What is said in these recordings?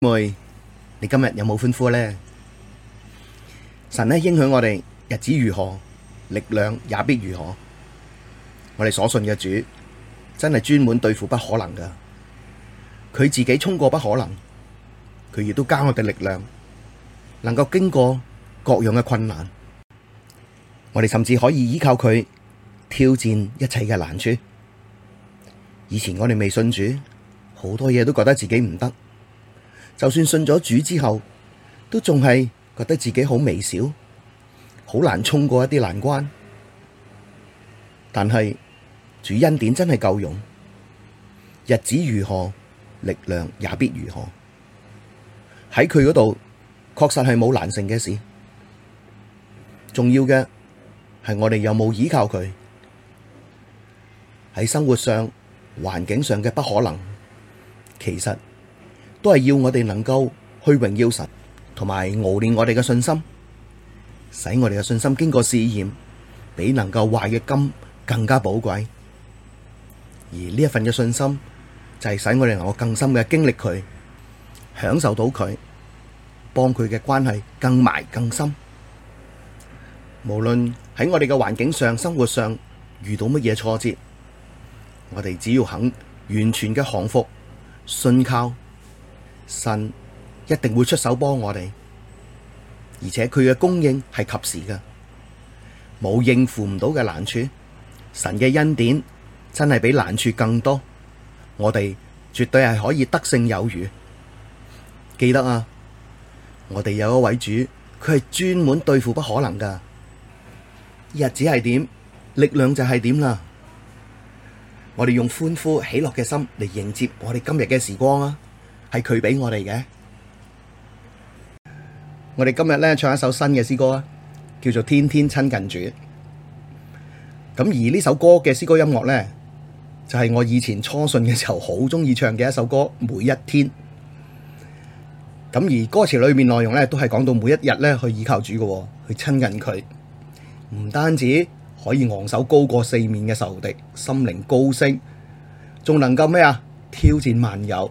妹，你今日有冇歡呼呢？神呢，應許我哋日子如何，力量也必如何。我哋所信嘅主真係專門對付不可能㗎，佢自己衝過不可能，佢亦都加我嘅力量，能夠經過各樣嘅困難。我哋甚至可以依靠佢挑戰一切嘅難處。以前我哋未信主，好多嘢都覺得自己唔得。就算信咗主之後，都仲係覺得自己好微小，好難衝過一啲難關。但係主恩典真係夠用，日子如何，力量也必如何。喺佢嗰度，確實係冇難成嘅事。重要嘅係我哋有冇依靠佢。喺生活上、環境上嘅不可能，其實……都係要我哋能夠去榮耀神，同埋熬煉我哋嘅信心，使我哋嘅信心經過試驗，比能夠壞嘅金更加寶貴。而呢一份嘅信心，就係使我哋能夠更深嘅經歷佢，享受到佢，幫佢嘅關係更埋更深。無論喺我哋嘅環境上、生活上遇到乜嘢挫折，我哋只要肯完全嘅降服，信靠。神一定會出手幫我哋，而且佢嘅供應係及時噶，冇應付唔到嘅難處。神嘅恩典真係比難處更多，我哋絕對係可以得勝有餘。記得啊，我哋有一位主，佢係專門對付不可能噶。日子係點，力量就係點啦。我哋用歡呼喜樂嘅心嚟迎接我哋今日嘅時光啊！係佢俾我哋嘅。我哋今日咧唱一首新嘅詩歌啊，叫做《天天親近主》。咁而呢首歌嘅詩歌音樂咧，就係、是、我以前初信嘅時候好中意唱嘅一首歌《每一天》。咁而歌詞裏面內容咧都係講到每一日咧去倚靠主嘅，去親近佢，唔單止可以昂首高過四面嘅仇敵，心靈高升，仲能夠咩啊挑戰萬有。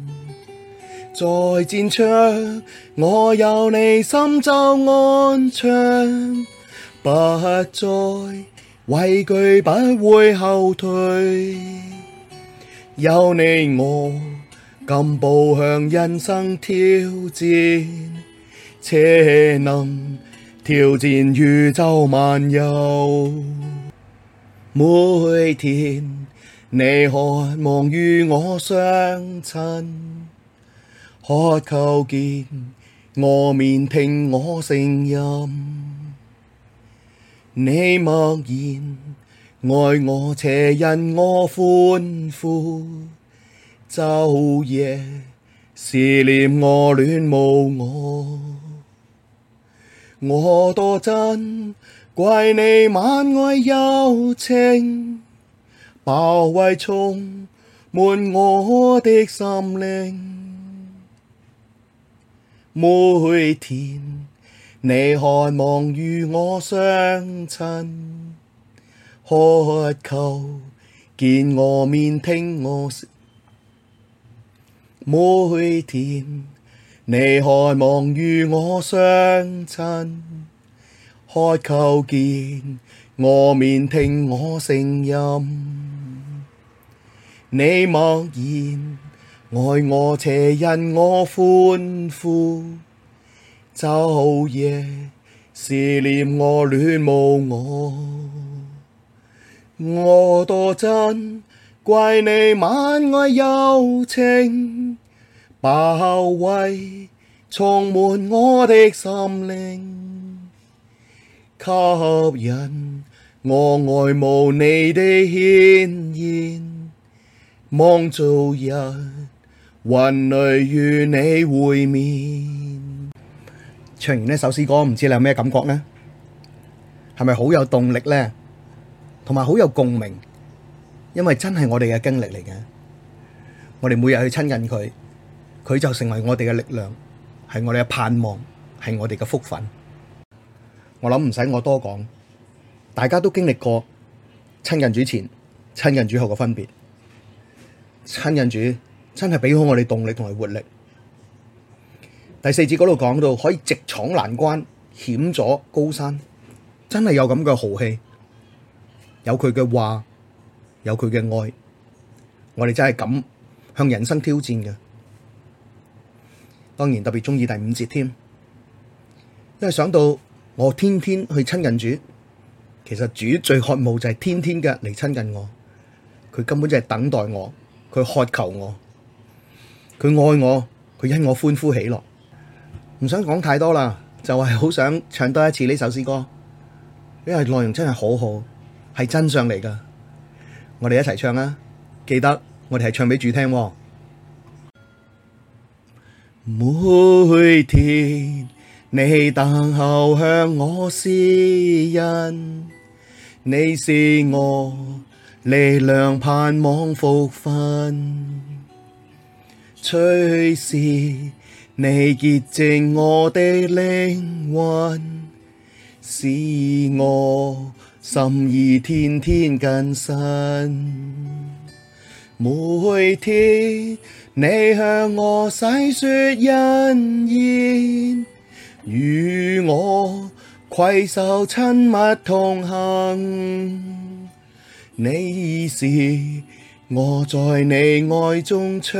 在戰場，我有你心就安祥，不再畏懼，不會後退。有你我，敢步向人生挑戰，且能挑戰宇宙萬有。每天，你渴望與我相親。渴求見我面，聽我聲音。你默然愛我，且因我歡呼。晝夜思念我，戀慕我。我多珍貴你萬愛柔情，包圍充滿我的心靈。每天你渴望與我相親，渴求見我面，聽我聲。每天你渴望與我相親，渴求見我面，聽我聲音。你默然。愛我且因我歡呼，晝夜思念我，戀慕我，我多珍貴你萬愛柔情，包圍充滿我的心靈，吸引我愛慕你的顯現，望做人。雲裡與你會面，唱完呢首詩歌，唔知你有咩感覺呢？係咪好有動力呢？同埋好有共鳴，因為真係我哋嘅經歷嚟嘅。我哋每日去親近佢，佢就成為我哋嘅力量，係我哋嘅盼望，係我哋嘅福分。我諗唔使我多講，大家都經歷過親近主前、親近主後嘅分別，親近主。真係俾好我哋動力同埋活力。第四節嗰度講到可以直闖難關，險阻高山，真係有咁嘅豪氣，有佢嘅話，有佢嘅愛，我哋真係敢向人生挑戰嘅。當然特別中意第五節添，因為想到我天天去親近主，其實主最渴慕就係天天嘅嚟親近我，佢根本就係等待我，佢渴求我。佢愛我，佢因我歡呼喜樂，唔想講太多啦，就係好想唱多一次呢首詩歌，因為內容真係好好，係真相嚟㗎。我哋一齊唱啊！記得我哋係唱俾主聽，哦。每天你等候向我施恩，你是我力量，盼，盼望福份。隨時你潔淨我嘅靈魂，使我心意天天更新。每天你向我細說恩言，與我攜手親密同行，你是。我在你愛中暢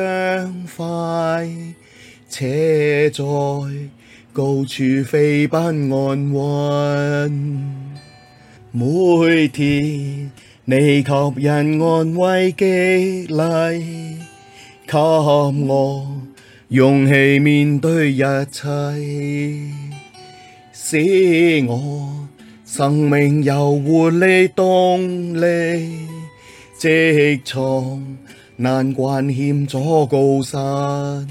快，且在高處飛奔安穩。每天你給人安慰激勵，給我勇氣面對一切，使我生命有活力動力。直闖難關、險阻、高山，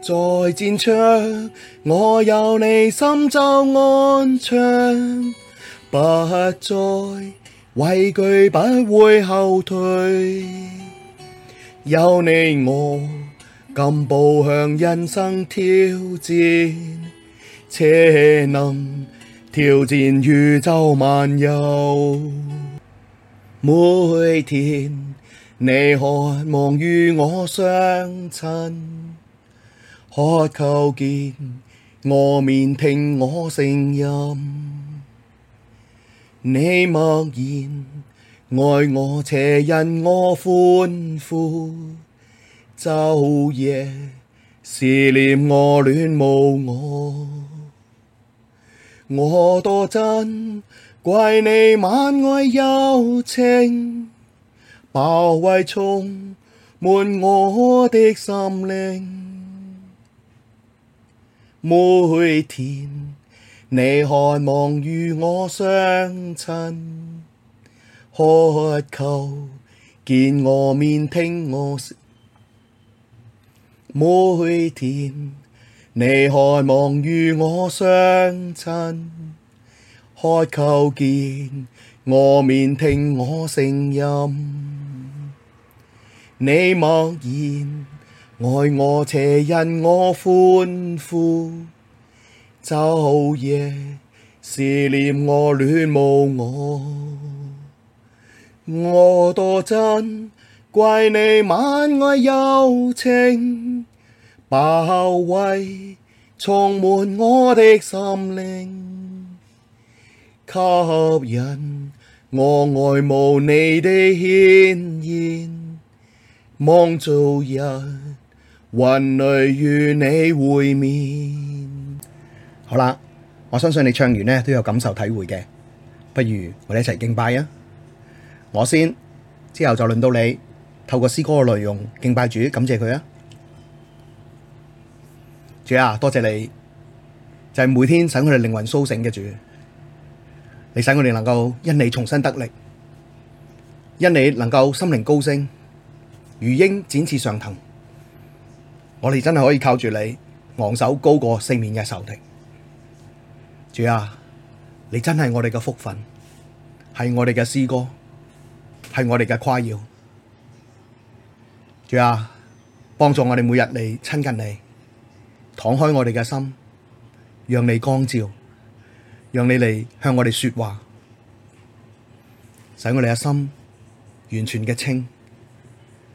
在戰場，我有你心就安祥，不再畏懼，不會後退，有你我敢步向人生挑戰，且能挑戰宇宙萬有。每天你渴望與我相親，渴求見我面聽我聲音，你默然愛我且因我歡呼。晝夜思念我，戀慕我，我多珍。貴你萬愛柔情，包圍充滿我的心靈。每天你渴望與我相親，渴求見我面聽我說。每天你渴望與我相親。渴求見我面聽我聲音，你默然愛我且因我歡呼，晝夜思念我，戀慕我，我多珍貴你萬愛柔情，包圍充滿我的心靈。吸引我愛慕你的顯現，望早日雲裡與你會面。好啦，我相信你唱完呢都有感受體會嘅，不如我哋一齊敬拜啊！我先，之後就輪到你。透過詩歌嘅內容敬拜主，感謝佢啊！主啊，多謝你，就係每天使我哋靈魂甦醒嘅主。你使我哋能夠因你重新得力，因你能夠心靈高升，如鷹展翅上騰。我哋真係可以靠住你，昂首高過四面嘅仇敵。主啊，你真係我哋嘅福分，係我哋嘅詩歌，係我哋嘅誇耀。主啊，幫助我哋每日嚟親近你，敞開我哋嘅心，讓你光照。讓你嚟向我哋說話，使我哋嘅心完全嘅清，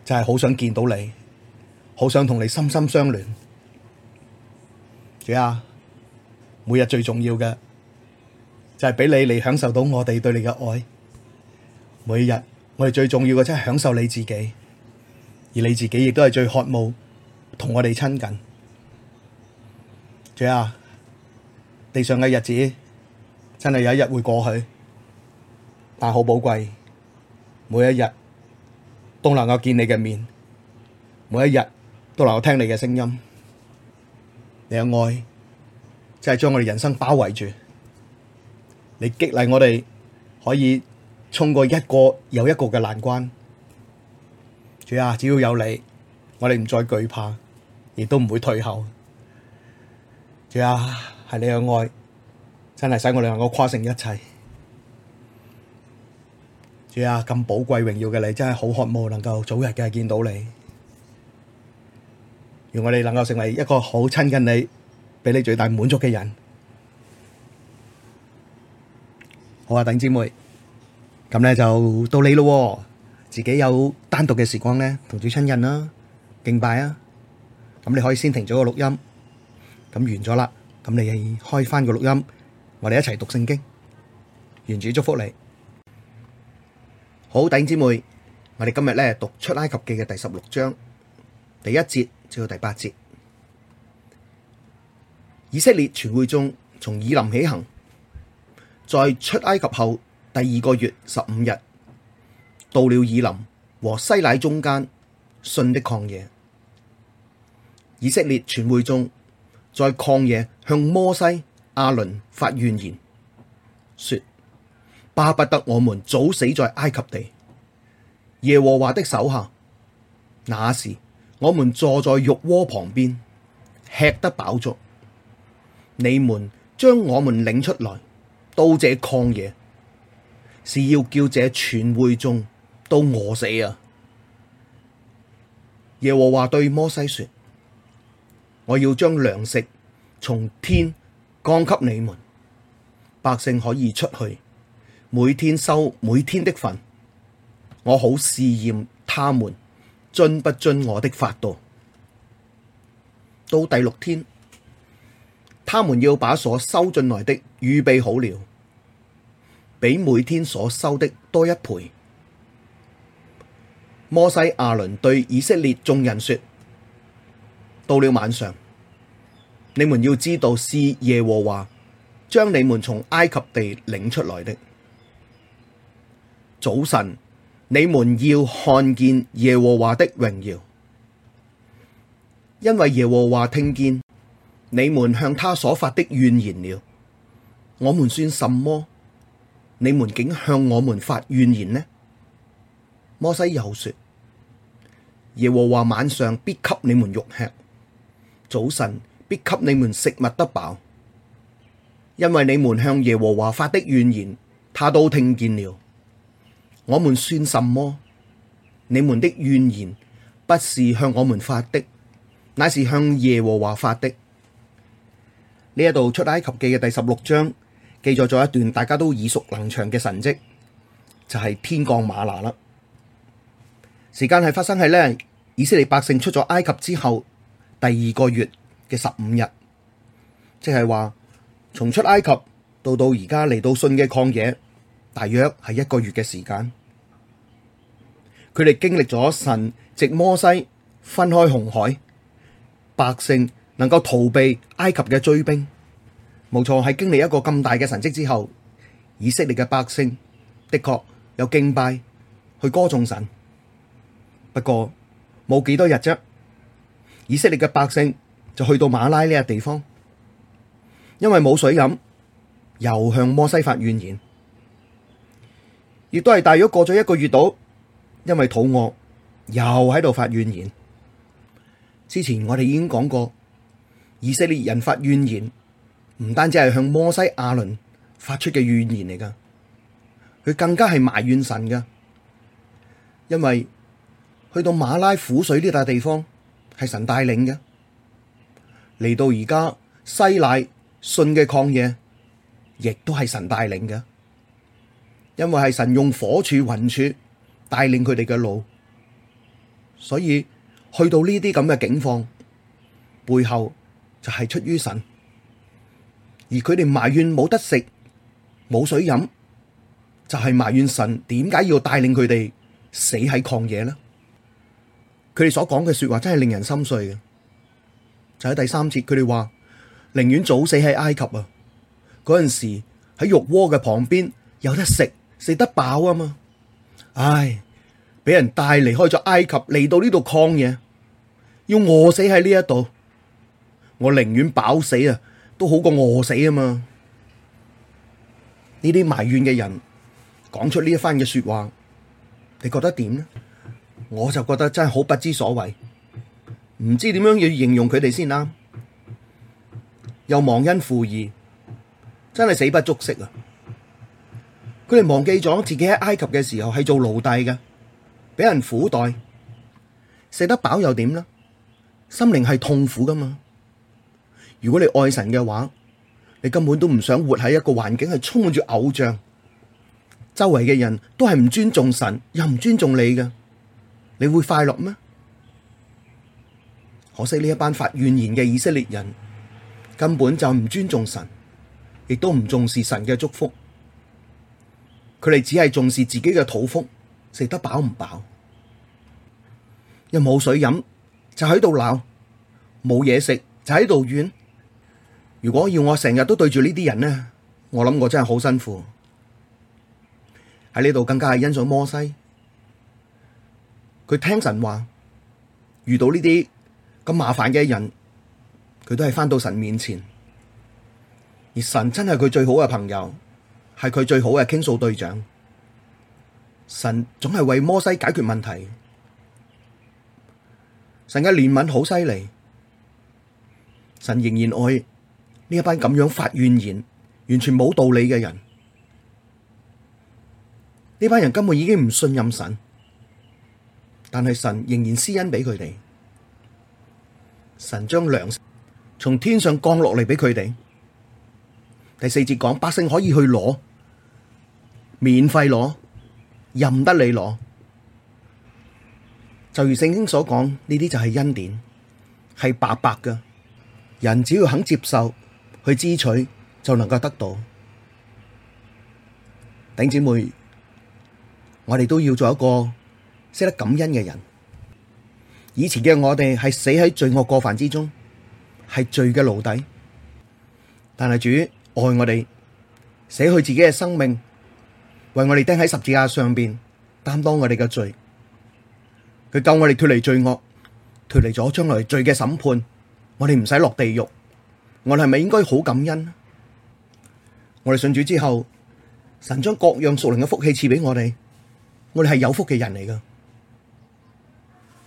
就係好想見到你，好想同你深深相聯。主啊，每日最重要嘅就係俾你嚟享受到我哋對你嘅愛。每日我哋最重要嘅即係享受你自己，而你自己亦都係最渴慕同我哋親近。主啊，地上嘅日子。真係有一日會過去，但好寶貴，每一日都能夠見你嘅面，每一日都能夠聽你嘅聲音。你嘅愛真係、就係、將我哋人生包圍住，你激勵我哋可以衝過一個又一個嘅難關。主啊，只要有你，我哋唔再懼怕，亦都唔會退後。主啊，係你嘅愛。真係使我兩個跨成一切。主啊，咁寶貴榮耀嘅你，真係好渴望能夠早日嘅見到你。願我哋能夠成為一個好親近你，俾你最大滿足嘅人。好啊，等姐妹，咁咧就到你咯，哦。自己有單獨嘅時光咧，同啲親人啦，啊，敬拜啊。咁你可以先停咗個錄音，咁完咗啦。咁你開返個錄音。我哋一齊讀聖經，願主祝福你。好，弟兄姐妹，我哋今日咧讀出埃及記嘅第十六章第一節至到第八節。以色列全會眾從以琳起行，在出埃及後第二個月十五日，到了以琳和西乃中間汛的曠野。以色列全會眾在曠野向摩西。亞倫發怨言，言，說：巴不得我們早死在埃及地，耶和華的手下。那時我們坐在肉鍋旁邊，吃得飽足。你們將我們領出來到這曠野，是要叫這全會眾都餓死啊！耶和華對摩西說：我要將糧食從天。降給你們，百姓可以出去，每天收每天的份。我好試驗他們遵不遵我的法度。到第六天，他們要把所收進來的預備好了，比每天所收的多一倍。摩西亞倫對以色列眾人說：到了晚上。你們要知道是耶和華將你們從埃及地領出來的。早晨，你們要看見耶和華的榮耀，因為耶和華聽見你們向他所發的怨言了。我們算什麼？你們竟向我們發怨言呢？摩西又說：耶和華晚上必給你們肉吃，早晨。必給你們食物得飽，因為你們向耶和華發的怨言，他都聽見了。我們算什麼？你們的怨言不是向我們發的，乃是向耶和華發的。呢一度出埃及記嘅第十六章記載咗一段大家都耳熟能詳嘅神蹟，就係、是、天降嗎哪啦。時間係發生喺呢，以色列百姓出咗埃及之後第二個月。嘅十五日，即係話從出埃及到到而家嚟到汛嘅曠野，大約係一個月嘅時間。佢哋經歷咗神藉摩西分開紅海，百姓能夠逃避埃及嘅追兵。冇錯，係經歷一個咁大嘅神蹟之後，以色列嘅百姓的確有敬拜去歌頌神。不過冇幾多日啫，以色列嘅百姓。就去到馬拉呢個地方，因為冇水飲，又向摩西發怨言，亦都係大約過咗一個月度，因為肚餓又喺度發怨言。之前我哋已經講過，以色列人發怨言，唔單止係向摩西、亞倫發出嘅怨言嚟噶，佢更加係埋怨神噶，因為去到馬拉苦水呢笪地方係神帶領嘅。嚟到而家西乃汛嘅曠野，亦都係神帶領嘅，因為係神用火柱、雲柱帶領佢哋嘅路，所以去到呢啲咁嘅境況背後就係出於神，而佢哋埋怨冇得食、冇水飲，就係、是、埋怨神點解要帶領佢哋死喺曠野呢？佢哋所講嘅說話真係令人心碎嘅。就喺第三節，佢哋話寧願早死喺埃及啊！嗰陣時喺肉鍋嘅旁邊有得食，食得飽啊嘛。唉，俾人帶離開咗埃及，嚟到呢度曠野，要餓死喺呢一度，我寧願飽死啊，都好過餓死啊嘛。呢啲埋怨嘅人講出呢一番嘅説話，你覺得點呢？我就覺得真係好不知所謂。唔知點樣要形容佢哋先啱，又忘恩負義，真係死不足惜啊！佢哋忘記咗自己喺埃及嘅時候係做奴隸嘅，俾人苦待，食得飽又點呢？心靈係痛苦噶嘛？如果你愛神嘅話，你根本都唔想活喺一個環境係充滿住偶像，周圍嘅人都係唔尊重神，又唔尊重你嘅，你會快樂咩？可惜呢一班發怨言嘅以色列人根本就唔尊重神，亦都唔重視神嘅祝福。佢哋只係重視自己嘅肚腹，食得飽唔飽，又冇水飲就喺度鬧，冇嘢食就喺度怨。如果要我成日都對住呢啲人呢，我諗我真係好辛苦。喺呢度更加係欣賞摩西，佢聽神話，遇到呢啲。咁麻煩嘅人，佢都係翻到神面前，而神真係佢最好嘅朋友，係佢最好嘅傾訴對象。神總係為摩西解決問題，神嘅憐憫好犀利，神仍然愛呢一班咁樣發怨言、完全冇道理嘅人。呢班人根本已經唔信任神，但係神仍然施恩俾佢哋。神將糧食從天上降落嚟俾佢哋。第四節講，百姓可以去攞，免費攞，任得你攞。就如聖經所講，呢啲就係恩典，係白白嘅。人只要肯接受，去支取就能夠得到。頂姐妹，我哋都要做一個識得感恩嘅人。以前嘅我哋係死喺罪惡過犯之中，係罪嘅奴隸。但係主愛我哋，捨去自己嘅生命，為我哋釘喺十字架上邊，擔當我哋嘅罪。佢救我哋脫離罪惡，脫離咗將來罪嘅審判。我哋唔使落地獄，我哋係咪應該好感恩？我哋信主之後，神將各樣屬靈嘅福氣賜俾我哋，我哋係有福嘅人嚟噶。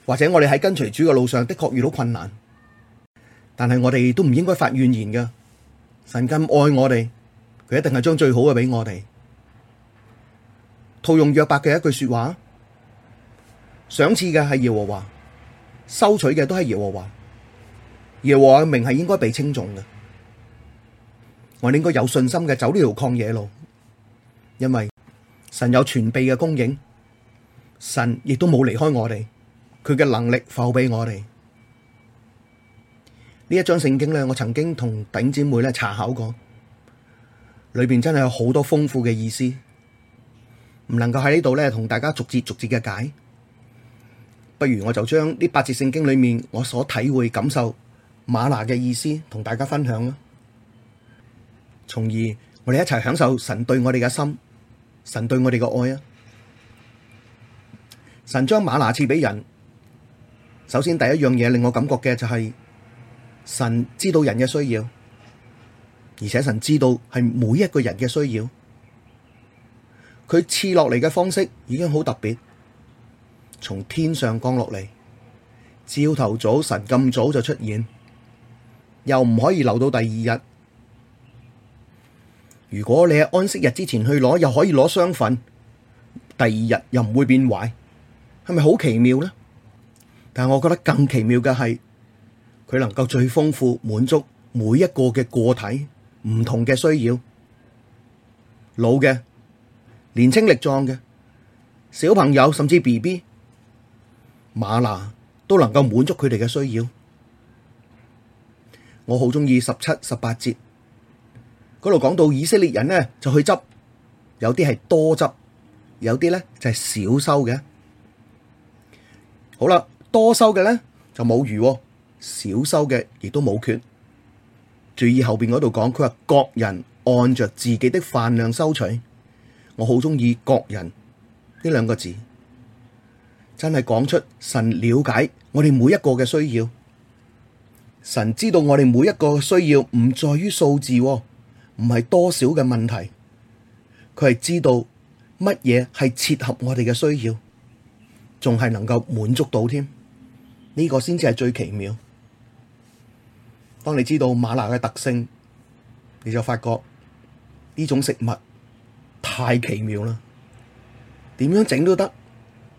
或者我哋喺跟隨主嘅路上的確遇到困難，但係我哋都唔應該發怨言嘅。神咁愛我哋，佢一定係將最好嘅俾我哋。套用約伯嘅一句說話，賞賜嘅係耶和華，收取嘅都係耶和華。耶和華嘅名係應該被稱頌嘅。我哋應該有信心嘅走呢條曠野路，因為神有全備嘅供應，神亦都冇離開我哋。佢嘅能力浮俾我哋，呢一章聖經咧，我曾經同頂姐妹咧查考過，裏邊真係有好多豐富嘅意思，唔能夠喺呢度咧同大家逐節逐節嘅解，不如我就將呢八節聖經裡面我所體會感受嗎哪嘅意思同大家分享啦，從而我哋一齊享受神對我哋嘅心，神對我哋嘅愛啊，神將嗎哪賜俾人。首先第一樣嘢令我感覺嘅就係神知道人嘅需要，而且神知道係每一個人嘅需要。佢賜落嚟嘅方式已經好特別，從天上降落嚟，朝頭早神咁早就出現，又唔可以留到第二日。如果你喺安息日之前去攞，又可以攞雙份，第二日又唔會變壞，係咪好奇妙呢？但係，我覺得更奇妙嘅係佢能夠最豐富滿足每一個嘅個體唔同嘅需要，老嘅、年輕力壯嘅小朋友，甚至 BB、嗎哪，都能夠滿足佢哋嘅需要。我好中意十七十八節嗰度講到以色列人呢，就去執，有啲係多執，有啲呢就係少收嘅。好啦。多收嘅呢，就冇餘，哦，少收嘅亦都冇缺。注意後邊嗰度講，佢話各人按着自己的飯量收取。我好中意各人呢兩個字，真係講出神了解我哋每一個嘅需要。神知道我哋每一個嘅需要唔在於數字，哦，唔係多少嘅問題。佢係知道乜嘢係切合我哋嘅需要，仲係能夠滿足到添。呢個先至係最奇妙。當你知道嗎哪嘅特性，你就發覺呢種食物太奇妙啦！點樣整都得，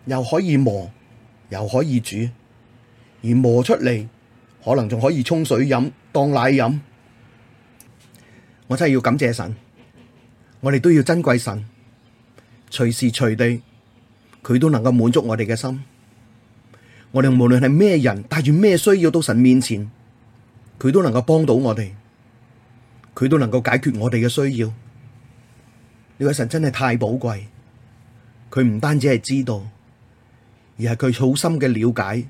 又可以磨，又可以煮，而磨出嚟可能仲可以沖水飲，當奶飲。我真係要感謝神，我哋都要珍貴神，隨時隨地佢都能夠滿足我哋嘅心。我哋無論係咩人，帶住咩需要到神面前，佢都能夠幫到我哋，佢都能夠解決我哋嘅需要。呢位神真係太寶貴，佢唔單止係知道，而係佢好深嘅了解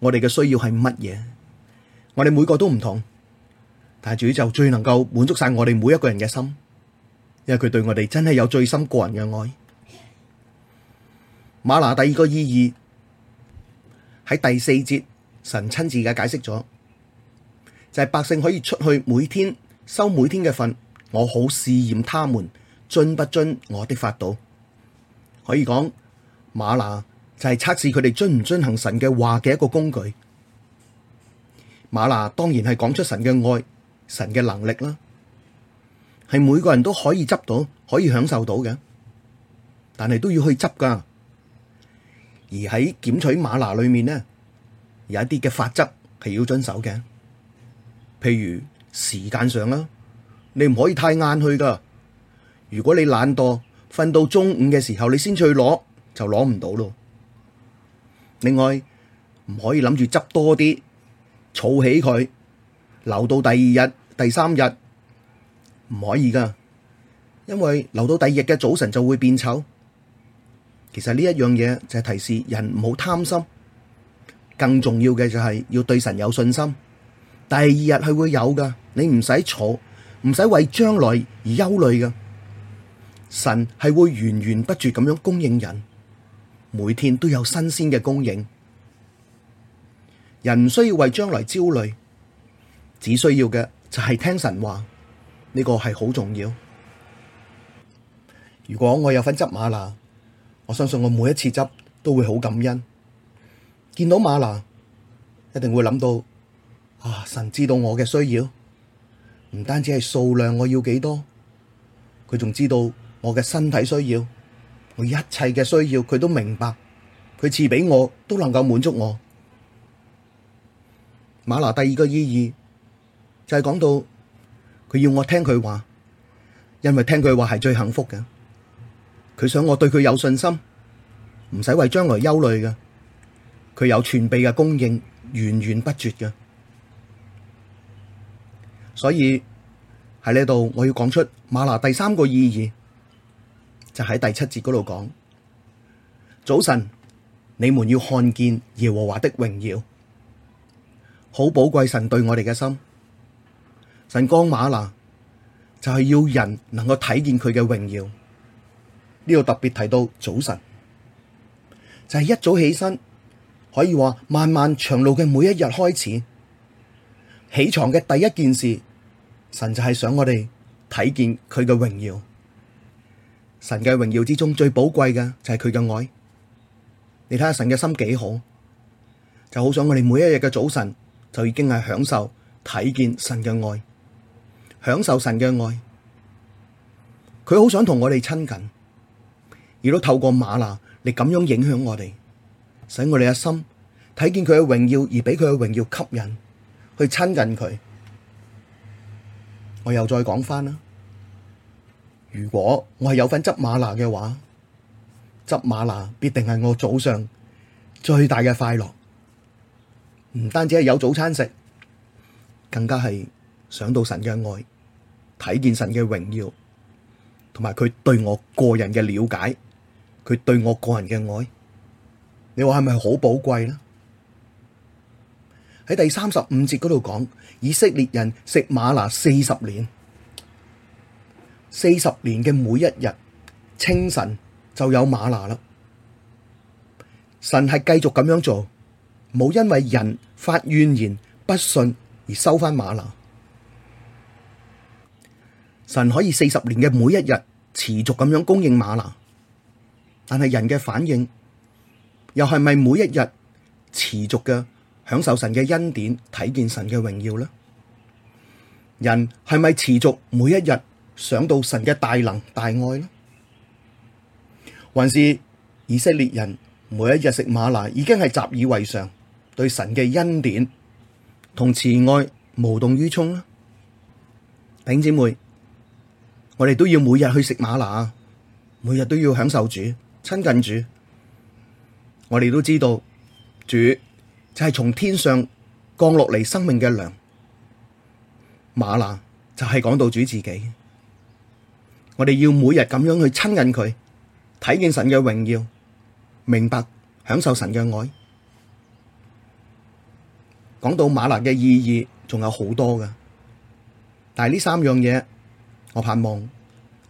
我哋嘅需要係乜嘢。我哋每個都唔同，但係主就最能夠滿足晒我哋每一個人嘅心，因為佢對我哋真係有最深個人嘅愛。嗎哪第二個意義。喺第四節，神親自嘅解釋咗，就係百姓可以出去每天收每天嘅份，我好試驗他們遵不遵我的法度。可以講嗎哪就係測試佢哋遵唔遵行神嘅話嘅一個工具。嗎哪當然係講出神嘅愛、神嘅能力啦，係每個人都可以執到、可以享受到嘅，但係都要去執㗎。而喺檢取嗎哪裏面呢，有一啲嘅法則係要遵守嘅。譬如時間上啦，你唔可以太晏去㗎。如果你懶惰，瞓到中午嘅時候，你先出去攞就攞唔到咯。另外唔可以諗住執多啲，儲起佢留到第二日、第三日，唔可以㗎，因為留到第二日嘅早晨就會變臭。其實呢一樣嘢，就係提示人唔好貪心，更重要嘅就係要對神有信心。第二日係會有噶，你唔使坐，唔使為將來而憂慮噶。神係會源源不絕咁樣供應人，每天都有新鮮嘅供應。人唔需要為將來焦慮，只需要嘅就係聽神話，呢個係好重要。如果我有份執嗎哪，我相信我每一次執都會好感恩，見到嗎哪，一定會諗到啊！神知道我嘅需要，唔單止係數量我要幾多，佢仲知道我嘅身體需要，我一切嘅需要，佢都明白，佢賜俾我都能夠滿足我。嗎哪第二個意義就係講到佢要我聽佢話，因為聽佢話係最幸福嘅。佢想我對佢有信心，唔使為將來憂慮嘅。佢有全備嘅供應，源源不絕嘅。所以喺呢度，我要講出嗎哪第三個意義，就喺第七節嗰度講。早晨，你們要看見耶和華的榮耀，好寶貴！神對我哋嘅心，神光嗎哪就係要人能夠睇見佢嘅榮耀。呢度特別提到早晨，就係一早起身，可以話漫漫長路嘅每一日開始，起床嘅第一件事，神就係想我哋睇見佢嘅榮耀。神嘅榮耀之中最寶貴嘅就係佢嘅愛。你睇下神嘅心幾好，就好想我哋每一日嘅早晨就已經係享受睇見神嘅愛，享受神嘅愛，佢好想同我哋親近。亦都透過嗎哪，嚟咁樣影響我哋，使我哋嘅心睇見佢嘅榮耀，而俾佢嘅榮耀吸引，去親近佢。我又再講翻啦，如果我係有份執嗎哪嘅話，執嗎哪必定係我早上最大嘅快樂。唔單止係有早餐食，更加係想到神嘅愛，睇見神嘅榮耀，同埋佢對我個人嘅了解。佢對我個人嘅愛，你話係咪好寶貴呢？喺第三十五節嗰度講，以色列人食嗎哪四十年，四十年嘅每一日清晨就有嗎哪啦。神係繼續咁樣做，冇因為人發怨言不信而收返嗎哪。神可以四十年嘅每一日持續咁樣供應嗎哪。但係人嘅反應又係咪每一日持續嘅享受神嘅恩典、睇見神嘅榮耀呢？人係咪持續每一日想到神嘅大能、大愛呢？還是以色列人每一日食嗎哪已經係習以為常，對神嘅恩典同慈愛無動於衷呢？丙姐妹，我哋都要每日去食嗎哪，每日都要享受主。親近主，我哋都知道主就係從天上降落嚟，生命嘅糧。嗎哪就係講到主自己，我哋要每日咁樣去親近佢，睇見神嘅榮耀，明白享受神嘅愛。講到嗎哪嘅意義，仲有好多㗎，但係呢三樣嘢，我盼望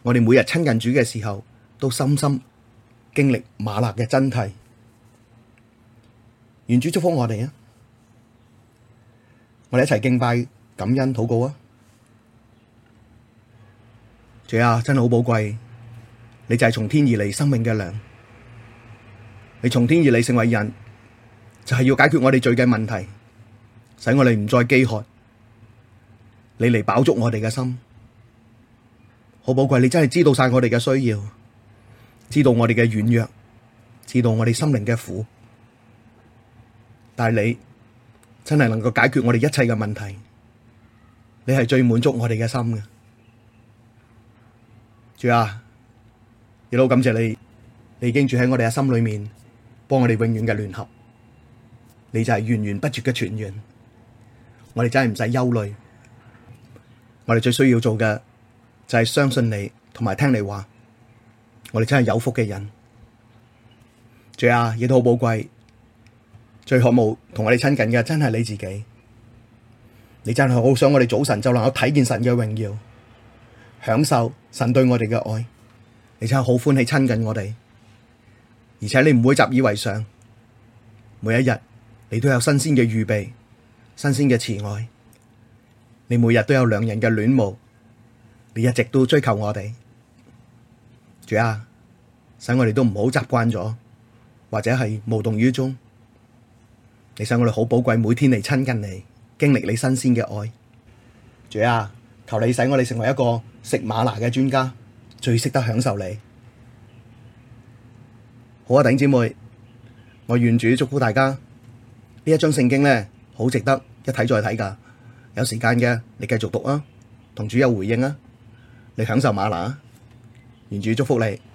我哋每日親近主嘅時候，都深深，經歷嗎哪嘅真諦，願主祝福我哋啊！我哋一齊敬拜、感恩、禱告啊！主啊，真係好寶貴，你就係從天而嚟生命嘅糧，你從天而嚟成為人，就係要解決我哋罪嘅問題，使我哋唔再飢渴。你嚟飽足我哋嘅心，好寶貴，你真係知道晒我哋嘅需要。知道我哋嘅軟弱，知道我哋心靈嘅苦，但係你真係能夠解決我哋一切嘅問題，你係最滿足我哋嘅心嘅。主啊，亦都感謝你，你已經住喺我哋嘅心裏面，幫我哋永遠嘅聯合，你就係源源不絕嘅泉源。我哋真係唔使憂慮，我哋最需要做嘅就係相信你，同埋聽你話。我哋真係有福嘅人，最意啊，亦都好寶貴，最渴望同我哋親近嘅，真係你自己。你真係好想我哋早晨就能夠睇見神嘅榮耀，享受神對我哋嘅愛，你真係好歡喜親近我哋，而且你唔會習以為常。每一日你都有新鮮嘅預備，新鮮嘅慈愛，你每日都有良人嘅戀慕，你一直都追求我哋。主啊，使我哋都唔好習慣咗，或者係無動於衷。你想我哋好寶貴，每天嚟親近你，經歷你新鮮嘅愛。主啊，求你使我哋成為一個食嗎哪嘅專家，最識得享受你。好啊，弟兄姊妹，我願主祝福大家。呢一章聖經呢，好值得一睇再睇噶。有時間嘅，你繼續讀啊，同主有回應啊，你享受嗎哪。願主祝福你。